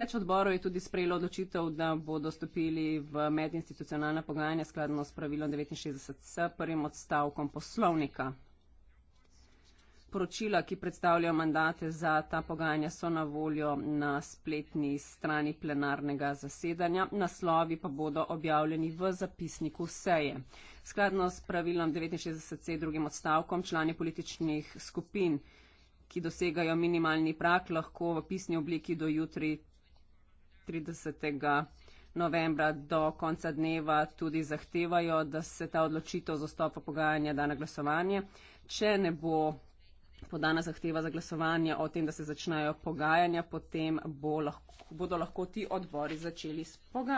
Več odborov je tudi sprejelo odločitev, da bodo stopili v medinstitucionalna pogajanja skladno s pravilom 69s prvim odstavkom poslovnika. Poročila, ki predstavljajo mandate za ta pogajanja, so na voljo na spletni strani plenarnega zasedanja. Naslovi pa bodo objavljeni v zapisniku seje. Skladno s pravilom 69c drugim odstavkom člani političnih skupin, ki dosegajo minimalni prak, lahko v pisni obliki do jutri 30. novembra do konca dneva tudi zahtevajo, da se ta odločitev za stopa pogajanja da na glasovanje. Če ne bo podana zahteva za glasovanje o tem, da se začnejo pogajanja, potem bo lahko, bodo lahko ti odbori začeli s pogajanjem.